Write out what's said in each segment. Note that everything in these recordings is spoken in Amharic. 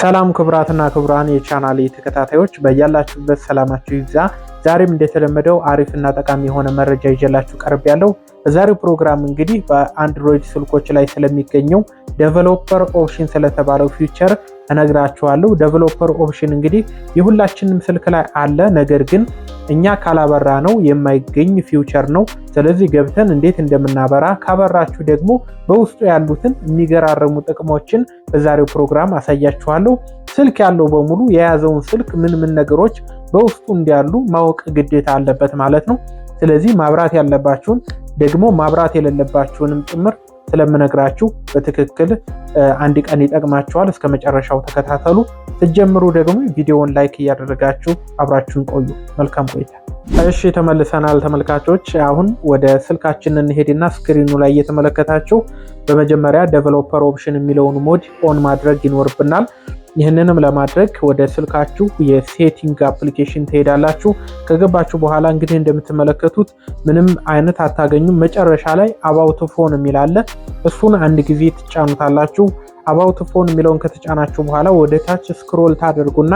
ሰላም ክቡራትና ክቡራን የቻናሌ ተከታታዮች በያላችሁበት ሰላማችሁ ይብዛ። ዛሬም እንደተለመደው አሪፍና ጠቃሚ የሆነ መረጃ ይዤላችሁ ቀርብ ያለው በዛሬው ፕሮግራም እንግዲህ በአንድሮይድ ስልኮች ላይ ስለሚገኘው ዴቨሎፐር ኦፕሽን ስለተባለው ፊውቸር እነግራችኋለሁ። ዴቨሎፐር ኦፕሽን እንግዲህ የሁላችንም ስልክ ላይ አለ። ነገር ግን እኛ ካላበራ ነው የማይገኝ ፊውቸር ነው። ስለዚህ ገብተን እንዴት እንደምናበራ ካበራችሁ ደግሞ በውስጡ ያሉትን የሚገራረሙ ጥቅሞችን በዛሬው ፕሮግራም አሳያችኋለሁ። ስልክ ያለው በሙሉ የያዘውን ስልክ ምን ምን ነገሮች በውስጡ እንዳሉ ማወቅ ግዴታ አለበት ማለት ነው። ስለዚህ ማብራት ያለባችሁን ደግሞ ማብራት የሌለባችሁንም ጭምር ስለምነግራችሁ በትክክል አንድ ቀን ይጠቅማችኋል። እስከ መጨረሻው ተከታተሉ። ስትጀምሩ ደግሞ ቪዲዮውን ላይክ እያደረጋችሁ አብራችሁን ቆዩ። መልካም ቆይታ። እሺ ተመልሰናል ተመልካቾች። አሁን ወደ ስልካችን እንሄድና ስክሪኑ ላይ እየተመለከታችሁ በመጀመሪያ ዴቨሎፐር ኦፕሽን የሚለውን ሞድ ኦን ማድረግ ይኖርብናል። ይህንንም ለማድረግ ወደ ስልካችሁ የሴቲንግ አፕሊኬሽን ትሄዳላችሁ። ከገባችሁ በኋላ እንግዲህ እንደምትመለከቱት ምንም አይነት አታገኙም። መጨረሻ ላይ አባውት ፎን የሚል አለ። እሱን አንድ ጊዜ ትጫኑታላችሁ። አባውት ፎን የሚለውን ከተጫናችሁ በኋላ ወደ ታች ስክሮል ታደርጉና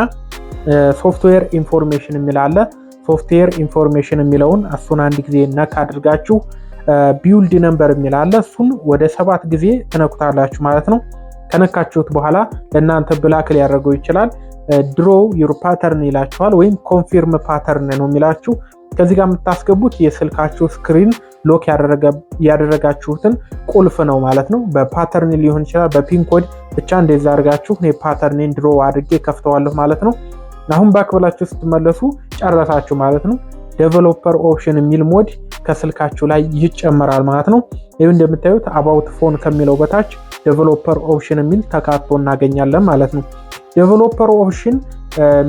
ሶፍትዌር ኢንፎርሜሽን የሚል አለ። ሶፍትዌር ኢንፎርሜሽን የሚለውን እሱን አንድ ጊዜ ነክ አድርጋችሁ ቢውልድ ነምበር የሚል አለ። እሱን ወደ ሰባት ጊዜ ትነኩታላችሁ ማለት ነው። ከነካችሁት በኋላ ለእናንተ ብላክ ሊያደርገው ይችላል። ድሮ ዩር ፓተርን ይላችኋል፣ ወይም ኮንፊርም ፓተርን ነው የሚላችሁ። ከዚህ ጋር የምታስገቡት የስልካችሁ ስክሪን ሎክ ያደረጋችሁትን ቁልፍ ነው ማለት ነው። በፓተርን ሊሆን ይችላል፣ በፒን ኮድ ብቻ እንደዛ አድርጋችሁ እኔ ፓተርኔን ድሮ አድርጌ ከፍተዋለሁ ማለት ነው። አሁን ባክ ብላችሁ ስትመለሱ ጨረሳችሁ ማለት ነው። ዴቨሎፐር ኦፕሽን የሚል ሞድ ከስልካችሁ ላይ ይጨመራል ማለት ነው። ይህ እንደምታዩት አባውት ፎን ከሚለው በታች ዴቨሎፐር ኦፕሽን የሚል ተካቶ እናገኛለን ማለት ነው። ዴቨሎፐር ኦፕሽን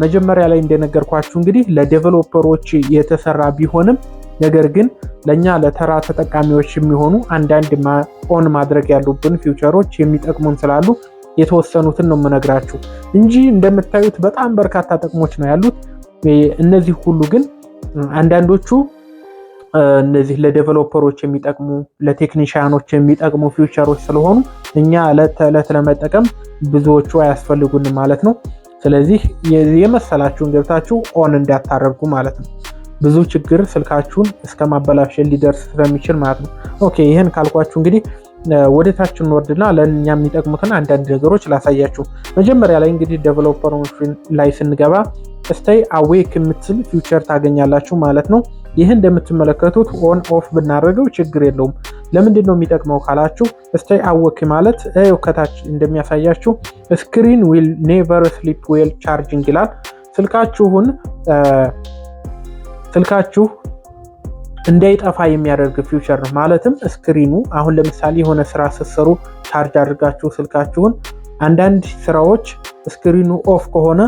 መጀመሪያ ላይ እንደነገርኳችሁ እንግዲህ ለዴቨሎፐሮች የተሰራ ቢሆንም ነገር ግን ለእኛ ለተራ ተጠቃሚዎች የሚሆኑ አንዳንድ ኦን ማድረግ ያሉብን ፊውቸሮች የሚጠቅሙን ስላሉ የተወሰኑትን ነው የምነግራችሁ እንጂ እንደምታዩት በጣም በርካታ ጥቅሞች ነው ያሉት። እነዚህ ሁሉ ግን አንዳንዶቹ እነዚህ ለዴቨሎፐሮች የሚጠቅሙ ለቴክኒሽያኖች የሚጠቅሙ ፊውቸሮች ስለሆኑ እኛ ዕለት ተዕለት ለመጠቀም ብዙዎቹ አያስፈልጉን ማለት ነው። ስለዚህ የመሰላችሁን ገብታችሁ ኦን እንዳታደርጉ ማለት ነው። ብዙ ችግር ስልካችሁን እስከ ማበላሸት ሊደርስ ስለሚችል ማለት ነው። ኦኬ ይህን ካልኳችሁ እንግዲህ ወደታች እንወርድና ለእኛ የሚጠቅሙትን አንዳንድ ነገሮች ላሳያችሁ። መጀመሪያ ላይ እንግዲህ ዴቨሎፐሮች ላይ ስንገባ ስታይ አዌክ የምትል ፊውቸር ታገኛላችሁ ማለት ነው። ይህ እንደምትመለከቱት ኦን ኦፍ ብናደርገው ችግር የለውም። ለምንድን ነው የሚጠቅመው ካላችሁ ስታይ አወክ ማለት ው ከታች እንደሚያሳያችሁ ስክሪን ዊል ኔቨር ስሊፕ ዌል ቻርጅንግ ይላል። ስልካችሁን ስልካችሁ እንዳይጠፋ የሚያደርግ ፊውቸር ነው። ማለትም ስክሪኑ አሁን ለምሳሌ የሆነ ስራ ስትሰሩ ቻርጅ አድርጋችሁ ስልካችሁን አንዳንድ ስራዎች ስክሪኑ ኦፍ ከሆነ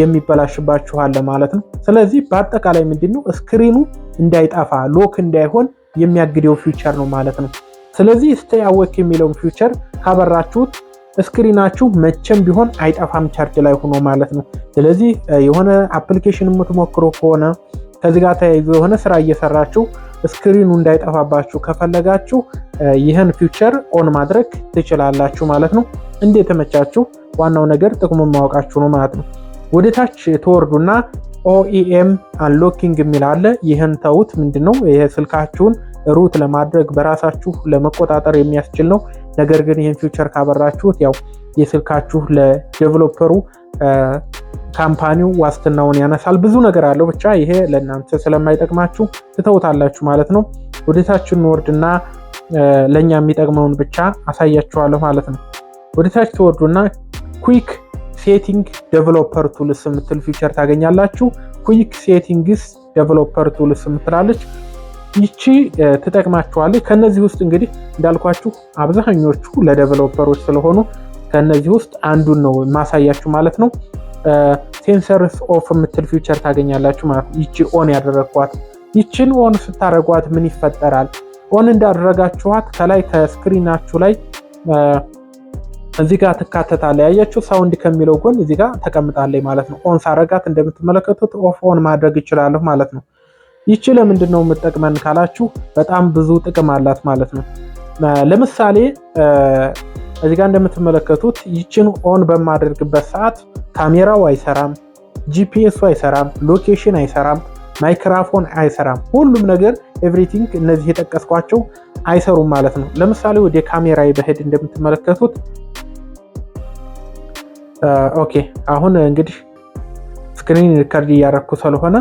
የሚበላሽባችኋል ማለት ነው። ስለዚህ በአጠቃላይ ምንድነው ነው ስክሪኑ እንዳይጠፋ ሎክ እንዳይሆን የሚያግደው ፊውቸር ነው ማለት ነው። ስለዚህ ስቴይ አወክ የሚለውን ፊውቸር ካበራችሁት ስክሪናችሁ መቼም ቢሆን አይጠፋም ቻርጅ ላይ ሆኖ ማለት ነው። ስለዚህ የሆነ አፕሊኬሽን የምትሞክሮ ከሆነ ከዚህ ጋር ተያይዞ የሆነ ስራ እየሰራችሁ ስክሪኑ እንዳይጠፋባችሁ ከፈለጋችሁ ይህን ፊውቸር ኦን ማድረግ ትችላላችሁ ማለት ነው። እንዴት ዋናው ነገር ጥቅሙን ማወቃችሁ ነው ማለት ነው። ወደ ታች ተወርዱና ኦኢኤም አንሎኪንግ የሚል አለ። ይህን ተዉት። ምንድን ነው ይሄ? ስልካችሁን ሩት ለማድረግ በራሳችሁ ለመቆጣጠር የሚያስችል ነው። ነገር ግን ይህን ፊውቸር ካበራችሁት ያው የስልካችሁ ለዴቨሎፐሩ ካምፓኒው ዋስትናውን ያነሳል። ብዙ ነገር አለው። ብቻ ይሄ ለእናንተ ስለማይጠቅማችሁ ትተውታላችሁ ማለት ነው። ወደታችን እንወርድና ለእኛ የሚጠቅመውን ብቻ አሳያችኋለሁ ማለት ነው። ወደታች ትወርዱና ኩዊክ ሴቲንግ ዴቨሎፐር ቱልስ የምትል ፊቸር ታገኛላችሁ። ኩዊክ ሴቲንግስ ዴቨሎፐር ቱልስ የምትላለች ይቺ ትጠቅማችኋለች። ከነዚህ ውስጥ እንግዲህ እንዳልኳችሁ አብዛኞቹ ለዴቨሎፐሮች ስለሆኑ ከእነዚህ ውስጥ አንዱን ነው ማሳያችሁ ማለት ነው። ሴንሰርስ ኦፍ የምትል ፊውቸር ታገኛላችሁ ማለት ነው። ይቺ ኦን ያደረግኳት ይችን ኦን ስታደረጓት ምን ይፈጠራል? ኦን እንዳደረጋችኋት ከላይ ከስክሪናችሁ ላይ እዚህ ጋር ትካተታለ። ያያችሁ፣ ሳውንድ ከሚለው ጎን እዚህ ጋር ተቀምጣለች ማለት ነው። ኦን ሳረጋት እንደምትመለከቱት ኦፍ ኦን ማድረግ ይችላለሁ ማለት ነው። ይቺ ለምንድን ነው የምጠቅመን ካላችሁ በጣም ብዙ ጥቅም አላት ማለት ነው። ለምሳሌ እዚህ ጋር እንደምትመለከቱት ይችን ኦን በማደርግበት ሰዓት ካሜራው አይሰራም፣ ጂፒኤሱ አይሰራም፣ ሎኬሽን አይሰራም፣ ማይክራፎን አይሰራም። ሁሉም ነገር ኤቭሪቲንግ እነዚህ የጠቀስኳቸው አይሰሩም ማለት ነው። ለምሳሌ ወደ ካሜራ በሄድ እንደምትመለከቱት ኦኬ፣ አሁን እንግዲህ ስክሪን ሪከርድ እያደረኩ ስለሆነ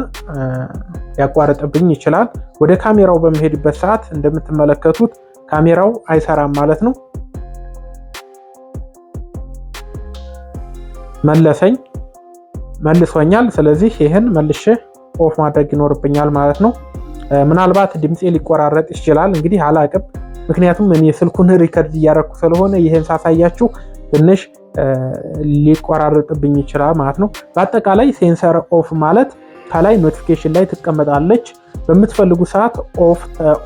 ያቋረጥብኝ ይችላል። ወደ ካሜራው በመሄድበት ሰዓት እንደምትመለከቱት ካሜራው አይሰራም ማለት ነው። መለሰኝ መልሶኛል። ስለዚህ ይህን መልሼ ኦፍ ማድረግ ይኖርብኛል ማለት ነው። ምናልባት ድምፄ ሊቆራረጥ ይችላል እንግዲህ አላቅም። ምክንያቱም እኔ ስልኩን ሪከርድ እያደረኩ ስለሆነ ይህን ሳሳያችሁ ትንሽ ሊቆራረጥብኝ ይችላል ማለት ነው። በአጠቃላይ ሴንሰር ኦፍ ማለት ከላይ ኖቲፊኬሽን ላይ ትቀመጣለች። በምትፈልጉ ሰዓት ኦፍ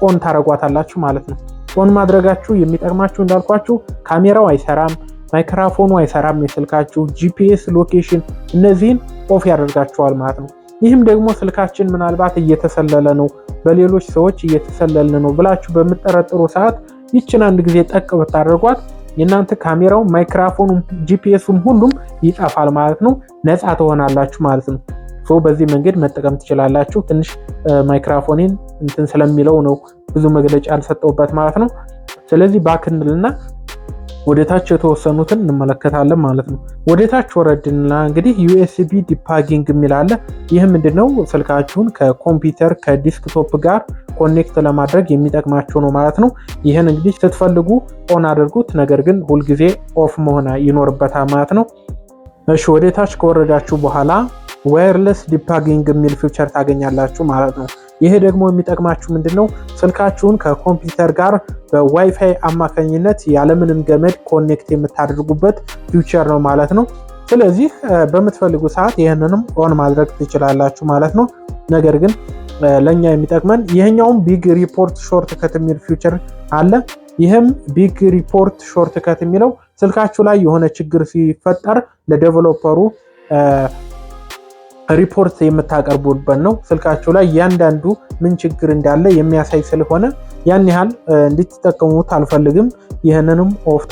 ኦን ታደረጓታላችሁ ማለት ነው። ኦን ማድረጋችሁ የሚጠቅማችሁ እንዳልኳችሁ ካሜራው አይሰራም ማይክራፎኑ አይሰራም፣ የስልካችሁ ጂፒኤስ ሎኬሽን፣ እነዚህን ኦፍ ያደርጋቸዋል ማለት ነው። ይህም ደግሞ ስልካችን ምናልባት እየተሰለለ ነው፣ በሌሎች ሰዎች እየተሰለልን ነው ብላችሁ በምጠረጥሩ ሰዓት ይችን አንድ ጊዜ ጠቅ ብታደርጓት የእናንተ ካሜራው፣ ማይክራፎኑ፣ ጂፒኤሱም ሁሉም ይጠፋል ማለት ነው። ነፃ ትሆናላችሁ ማለት ነው። በዚህ መንገድ መጠቀም ትችላላችሁ። ትንሽ ማይክራፎኔን እንትን ስለሚለው ነው ብዙ መግለጫ አልሰጠውበት ማለት ነው። ስለዚህ ባክንልና ወደታች የተወሰኑትን እንመለከታለን ማለት ነው። ወደታች ወረድና እንግዲህ ዩኤስቢ ዲፓጊንግ የሚላለ ይህ ምንድነው? ስልካችሁን ከኮምፒውተር ከዲስክቶፕ ጋር ኮኔክት ለማድረግ የሚጠቅማቸው ነው ማለት ነው። ይህን እንግዲህ ስትፈልጉ ኦን አድርጉት፣ ነገር ግን ሁልጊዜ ኦፍ መሆን ይኖርበታል ማለት ነው። እሺ ወደታች ከወረዳችሁ በኋላ ዋየርለስ ዲፓጊንግ የሚል ፊውቸር ታገኛላችሁ ማለት ነው። ይሄ ደግሞ የሚጠቅማችሁ ምንድን ነው? ስልካችሁን ከኮምፒውተር ጋር በዋይፋይ አማካኝነት ያለምንም ገመድ ኮኔክት የምታደርጉበት ፊውቸር ነው ማለት ነው። ስለዚህ በምትፈልጉ ሰዓት ይህንንም ኦን ማድረግ ትችላላችሁ ማለት ነው። ነገር ግን ለእኛ የሚጠቅመን ይህኛውም ቢግ ሪፖርት ሾርት ከት የሚል ፊውቸር አለ። ይህም ቢግ ሪፖርት ሾርት ከት የሚለው ስልካችሁ ላይ የሆነ ችግር ሲፈጠር ለዴቨሎፐሩ ሪፖርት የምታቀርቡበት ነው። ስልካችሁ ላይ እያንዳንዱ ምን ችግር እንዳለ የሚያሳይ ስለሆነ ያን ያህል እንድትጠቀሙት አልፈልግም። ይህንንም ኦፍታ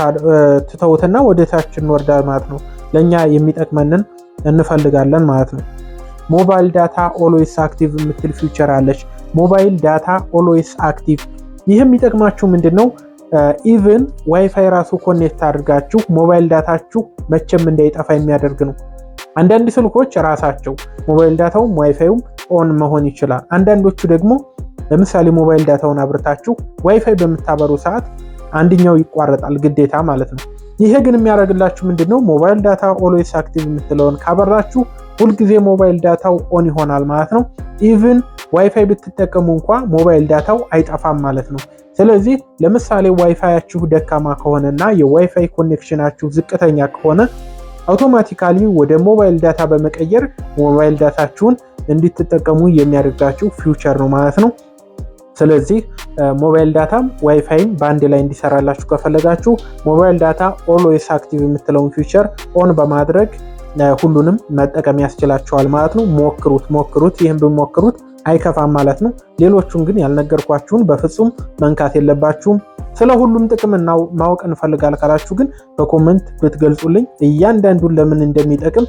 ትተውትና ወደ ታች እንወርዳል ማለት ነው። ለእኛ የሚጠቅመንን እንፈልጋለን ማለት ነው። ሞባይል ዳታ ኦልዌይስ አክቲቭ የምትል ፊውቸር አለች። ሞባይል ዳታ ኦልዌይስ አክቲቭ። ይህ የሚጠቅማችሁ ምንድን ነው? ኢቭን ዋይፋይ ራሱ ኮኔክት አድርጋችሁ ሞባይል ዳታችሁ መቼም እንዳይጠፋ የሚያደርግ ነው። አንዳንድ ስልኮች ራሳቸው ሞባይል ዳታውም ዋይፋይም ኦን መሆን ይችላል። አንዳንዶቹ ደግሞ ለምሳሌ ሞባይል ዳታውን አብርታችሁ ዋይፋይ በምታበሩ ሰዓት አንድኛው ይቋረጣል ግዴታ ማለት ነው። ይሄ ግን የሚያደርግላችሁ ምንድን ነው? ሞባይል ዳታ ኦልዌይስ አክቲቭ የምትለውን ካበራችሁ ሁልጊዜ ሞባይል ዳታው ኦን ይሆናል ማለት ነው። ኢቭን ዋይፋይ ብትጠቀሙ እንኳ ሞባይል ዳታው አይጠፋም ማለት ነው። ስለዚህ ለምሳሌ ዋይፋያችሁ ደካማ ከሆነና የዋይፋይ ኮኔክሽናችሁ ዝቅተኛ ከሆነ አውቶማቲካሊ ወደ ሞባይል ዳታ በመቀየር ሞባይል ዳታችሁን እንድትጠቀሙ የሚያደርጋችሁ ፊውቸር ነው ማለት ነው። ስለዚህ ሞባይል ዳታም ዋይፋይም በአንድ ላይ እንዲሰራላችሁ ከፈለጋችሁ ሞባይል ዳታ ኦልዌይስ አክቲቭ የምትለውን ፊውቸር ኦን በማድረግ ሁሉንም መጠቀም ያስችላቸዋል ማለት ነው። ሞክሩት ሞክሩት፣ ይህም ብሞክሩት አይከፋም ማለት ነው። ሌሎቹን ግን ያልነገርኳችሁን በፍጹም መንካት የለባችሁም። ስለ ሁሉም ጥቅም ማወቅ እንፈልጋል ካላችሁ ግን በኮመንት ብትገልጹልኝ እያንዳንዱን ለምን እንደሚጠቅም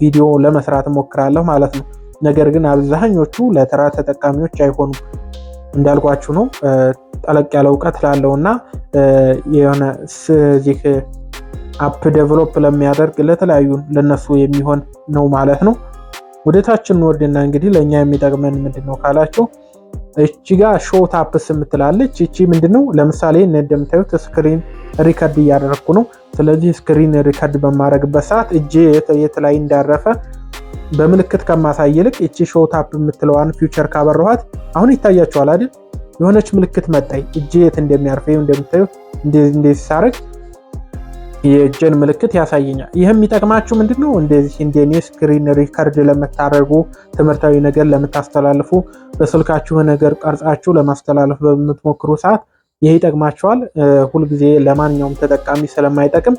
ቪዲዮ ለመስራት እሞክራለሁ ማለት ነው። ነገር ግን አብዛኞቹ ለተራ ተጠቃሚዎች አይሆኑም እንዳልኳችሁ ነው። ጠለቅ ያለ እውቀት ላለው እና የሆነ እዚህ አፕ ዴቨሎፕ ለሚያደርግ ለተለያዩ ለነሱ የሚሆን ነው ማለት ነው። ወደ ታች እንወርድና እንግዲህ ለእኛ የሚጠቅመን ምንድን ነው ካላችሁ እቺ ጋ ሾው ታፕስ የምትላለች እቺ ምንድነው? ለምሳሌ እንደምታዩት ስክሪን ሪከርድ እያደረግኩ ነው። ስለዚህ ስክሪን ሪከርድ በማድረግበት ሰዓት እጄ የት ላይ እንዳረፈ በምልክት ከማሳይ ይልቅ እቺ ሾው ታፕ የምትለዋን ፊውቸር ካበረኋት አሁን ይታያችኋል አይደል? የሆነች ምልክት መጣይ እጄ የት እንደሚያርፈ እንደምታዩት እንደዚህ ሳረግ የእጅን ምልክት ያሳየኛል። ይህ የሚጠቅማችሁ ምንድን ነው? እንደዚህ እንደኔ ስክሪን ሪከርድ ለምታደርጉ ትምህርታዊ ነገር ለምታስተላልፉ፣ በስልካችሁ ነገር ቀርጻችሁ ለማስተላለፍ በምትሞክሩ ሰዓት ይህ ይጠቅማችኋል። ሁልጊዜ ለማንኛውም ተጠቃሚ ስለማይጠቅም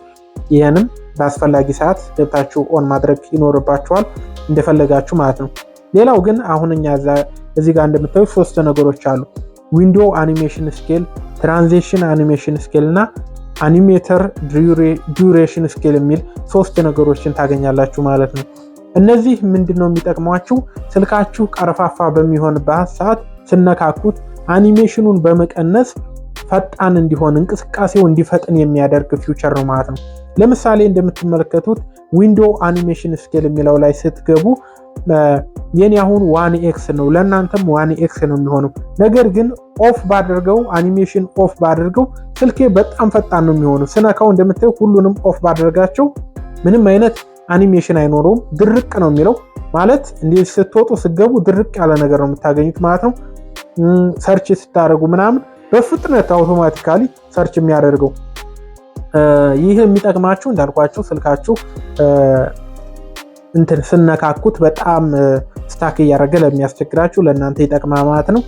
ይህንም በአስፈላጊ ሰዓት ገብታችሁ ኦን ማድረግ ይኖርባችኋል፣ እንደፈለጋችሁ ማለት ነው። ሌላው ግን አሁን እኛ እዚህ ጋር እንደምታዩ ሶስት ነገሮች አሉ። ዊንዶ አኒሜሽን ስኬል፣ ትራንዚሽን አኒሜሽን ስኬል እና አኒሜተር ዱሬሽን ስኬል የሚል ሶስት ነገሮችን ታገኛላችሁ ማለት ነው። እነዚህ ምንድን ነው የሚጠቅሟችሁ? ስልካችሁ ቀርፋፋ በሚሆንበት ሰዓት ስነካኩት አኒሜሽኑን በመቀነስ ፈጣን እንዲሆን እንቅስቃሴው እንዲፈጥን የሚያደርግ ፊውቸር ነው ማለት ነው። ለምሳሌ እንደምትመለከቱት ዊንዶው አኒሜሽን ስኬል የሚለው ላይ ስትገቡ የኔ አሁን ዋን ኤክስ ነው፣ ለእናንተም ዋን ኤክስ ነው የሚሆነው። ነገር ግን ኦፍ ባደርገው አኒሜሽን ኦፍ ባድርገው ስልኬ በጣም ፈጣን ነው የሚሆነው። ስነካው እንደምታየው ሁሉንም ኦፍ ባደርጋቸው ምንም አይነት አኒሜሽን አይኖረውም። ድርቅ ነው የሚለው ማለት እንዲህ ስትወጡ ስገቡ ድርቅ ያለ ነገር ነው የምታገኙት ማለት ነው። ሰርች ስታደርጉ ምናምን በፍጥነት አውቶማቲካሊ ሰርች የሚያደርገው ይህ የሚጠቅማችሁ እንዳልኳችሁ ስልካችሁ እንትን ስነካኩት በጣም ስታክ እያደረገ ለሚያስቸግራችሁ ለእናንተ ይጠቅማ ማለት ነው።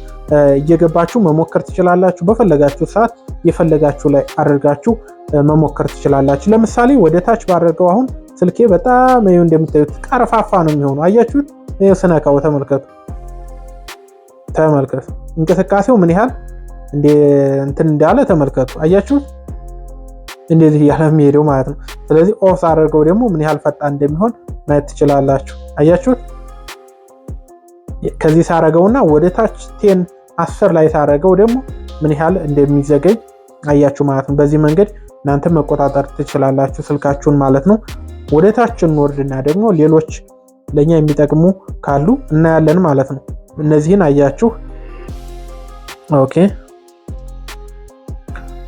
እየገባችሁ መሞከር ትችላላችሁ። በፈለጋችሁ ሰዓት የፈለጋችሁ ላይ አድርጋችሁ መሞከር ትችላላችሁ። ለምሳሌ ወደ ታች ባደርገው አሁን ስልኬ በጣም ይኸው እንደምታዩት ቀረፋፋ ነው የሚሆኑ አያችሁት። ስነካው ተመልከቱ፣ ተመልከቱ እንቅስቃሴው ምን ያህል እንትን እንዳለ ተመልከቱ፣ አያችሁት። እንደዚህ እያለ የሚሄደው ማለት ነው። ስለዚህ ኦፍ አድርገው ደግሞ ምን ያህል ፈጣን እንደሚሆን ማየት ትችላላችሁ። አያችሁት? ከዚህ እና ወደ ታች ቴን አስር ላይ ሳረገው ደግሞ ምን ያህል እንደሚዘገይ አያችሁ ማለት ነው። በዚህ መንገድ እናንተ መቆጣጠር ትችላላችሁ ስልካችሁን ማለት ነው። ወደ ታች እንወርድና ደግሞ ሌሎች ለእኛ የሚጠቅሙ ካሉ እናያለን ማለት ነው። እነዚህን አያችሁ። ኦኬ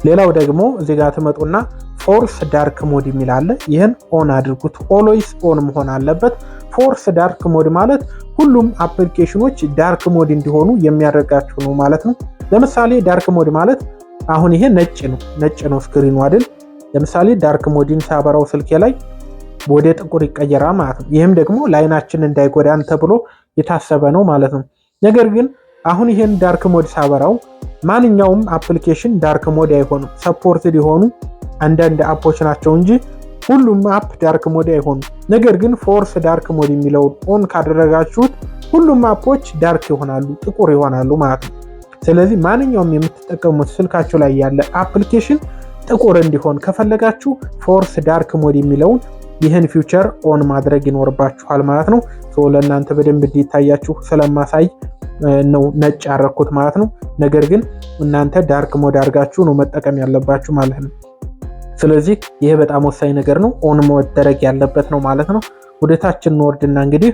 ሌላው ደግሞ እዚህ ጋር ትመጡና ፎርስ ዳርክ ሞድ የሚል አለ። ይህን ኦን አድርጉት። ኦሎይስ ኦን መሆን አለበት። ፎርስ ዳርክ ሞድ ማለት ሁሉም አፕሊኬሽኖች ዳርክ ሞድ እንዲሆኑ የሚያደርጋቸው ነው ማለት ነው። ለምሳሌ ዳርክ ሞድ ማለት አሁን ይሄ ነጭ ነው፣ ነጭ ነው ስክሪኑ አይደል? ለምሳሌ ዳርክ ሞድን ሳበራው ስልኬ ላይ ወደ ጥቁር ይቀየራል ማለት ነው። ይህም ደግሞ ለአይናችን እንዳይጎዳን ተብሎ የታሰበ ነው ማለት ነው። ነገር ግን አሁን ይሄን ዳርክ ሞድ ሳበራው ማንኛውም አፕሊኬሽን ዳርክ ሞድ አይሆኑም ሰፖርት ሊሆኑ አንዳንድ አፖች ናቸው እንጂ ሁሉም አፕ ዳርክ ሞድ አይሆኑም። ነገር ግን ፎርስ ዳርክ ሞድ የሚለውን ኦን ካደረጋችሁት ሁሉም አፖች ዳርክ ይሆናሉ፣ ጥቁር ይሆናሉ ማለት ነው። ስለዚህ ማንኛውም የምትጠቀሙት ስልካችሁ ላይ ያለ አፕሊኬሽን ጥቁር እንዲሆን ከፈለጋችሁ ፎርስ ዳርክ ሞድ የሚለውን ይህን ፊውቸር ኦን ማድረግ ይኖርባችኋል ማለት ነው። ለእናንተ በደንብ እንዲታያችሁ ስለማሳይ ነው ነጭ ያረኩት ማለት ነው። ነገር ግን እናንተ ዳርክ ሞድ አድርጋችሁ ነው መጠቀም ያለባችሁ ማለት ነው። ስለዚህ ይሄ በጣም ወሳኝ ነገር ነው፣ ኦን መደረግ ያለበት ነው ማለት ነው። ወደታችን ወርድና እንግዲህ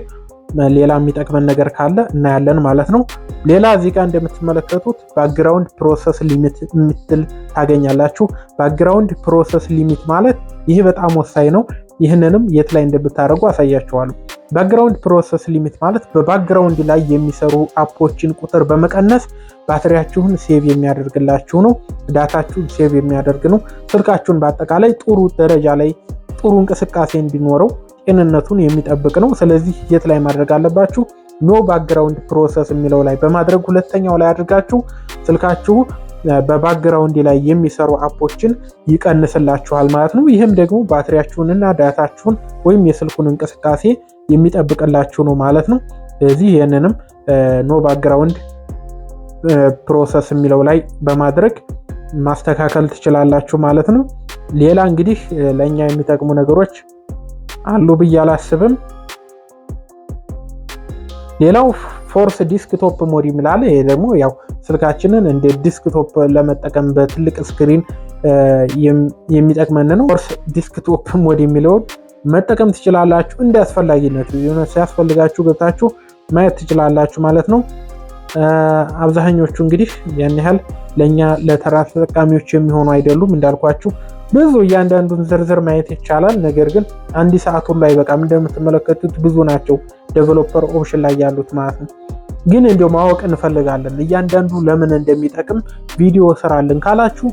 ሌላ የሚጠቅመን ነገር ካለ እናያለን ማለት ነው። ሌላ እዚህ ጋር እንደምትመለከቱት ባክግራውንድ ፕሮሰስ ሊሚት የምትል ታገኛላችሁ። ባክግራውንድ ፕሮሰስ ሊሚት ማለት ይህ በጣም ወሳኝ ነው። ይህንንም የት ላይ እንደምታደርጉ አሳያችኋለሁ። ባክግራውንድ ፕሮሰስ ሊሚት ማለት በባክግራውንድ ላይ የሚሰሩ አፖችን ቁጥር በመቀነስ ባትሪያችሁን ሴቭ የሚያደርግላችሁ ነው። ዳታችሁን ሴቭ የሚያደርግ ነው። ስልካችሁን በአጠቃላይ ጥሩ ደረጃ ላይ ጥሩ እንቅስቃሴ እንዲኖረው ጤንነቱን የሚጠብቅ ነው። ስለዚህ የት ላይ ማድረግ አለባችሁ? ኖ ባክግራውንድ ፕሮሰስ የሚለው ላይ በማድረግ ሁለተኛው ላይ አድርጋችሁ ስልካችሁ በባክግራውንድ ላይ የሚሰሩ አፖችን ይቀንስላችኋል ማለት ነው። ይህም ደግሞ ባትሪያችሁንና ዳታችሁን ወይም የስልኩን እንቅስቃሴ የሚጠብቅላችሁ ነው ማለት ነው። ስለዚህ ይህንንም ኖ ባክግራውንድ ፕሮሰስ የሚለው ላይ በማድረግ ማስተካከል ትችላላችሁ ማለት ነው። ሌላ እንግዲህ ለእኛ የሚጠቅሙ ነገሮች አሉ ብዬ አላስብም። ሌላው ፎርስ ዲስክቶፕ ሞድ የሚላለ ይሄ ደግሞ ያው ስልካችንን እንደ ዲስክቶፕ ለመጠቀም በትልቅ ስክሪን የሚጠቅመን ነው። ፎርስ ዲስክቶፕ ሞድ የሚለውን መጠቀም ትችላላችሁ እንደ አስፈላጊነቱ ሲያስፈልጋችሁ ገብታችሁ ማየት ትችላላችሁ ማለት ነው። አብዛኞቹ እንግዲህ ያን ያህል ለእኛ ለተራ ተጠቃሚዎች የሚሆኑ አይደሉም እንዳልኳችሁ ብዙ እያንዳንዱን ዝርዝር ማየት ይቻላል። ነገር ግን አንድ ሰዓቱን ላይ በቃም እንደምትመለከቱት ብዙ ናቸው ዴቨሎፐር ኦፕሽን ላይ ያሉት ማለት ነው። ግን እንዲያው ማወቅ እንፈልጋለን እያንዳንዱ ለምን እንደሚጠቅም ቪዲዮ ስራልን ካላችሁ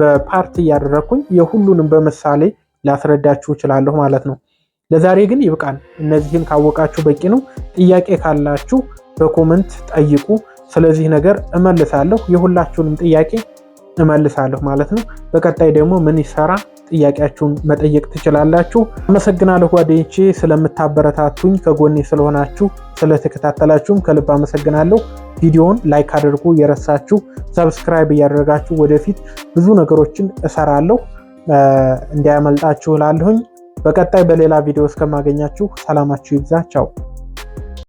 በፓርት እያደረግኩኝ የሁሉንም በምሳሌ ላስረዳችሁ እችላለሁ ማለት ነው። ለዛሬ ግን ይብቃል። እነዚህን ካወቃችሁ በቂ ነው። ጥያቄ ካላችሁ በኮመንት ጠይቁ። ስለዚህ ነገር እመልሳለሁ የሁላችሁንም ጥያቄ እመልሳለሁ ማለት ነው። በቀጣይ ደግሞ ምን ይሰራ ጥያቄያችሁን መጠየቅ ትችላላችሁ። አመሰግናለሁ ጓደኞቼ ስለምታበረታቱኝ፣ ከጎኔ ስለሆናችሁ፣ ስለተከታተላችሁም ከልብ አመሰግናለሁ። ቪዲዮውን ላይክ አድርጉ የረሳችሁ፣ ሰብስክራይብ እያደረጋችሁ ወደፊት ብዙ ነገሮችን እሰራለሁ እንዳያመልጣችሁ እላለሁኝ። በቀጣይ በሌላ ቪዲዮ እስከማገኛችሁ ሰላማችሁ ይብዛ። ቻው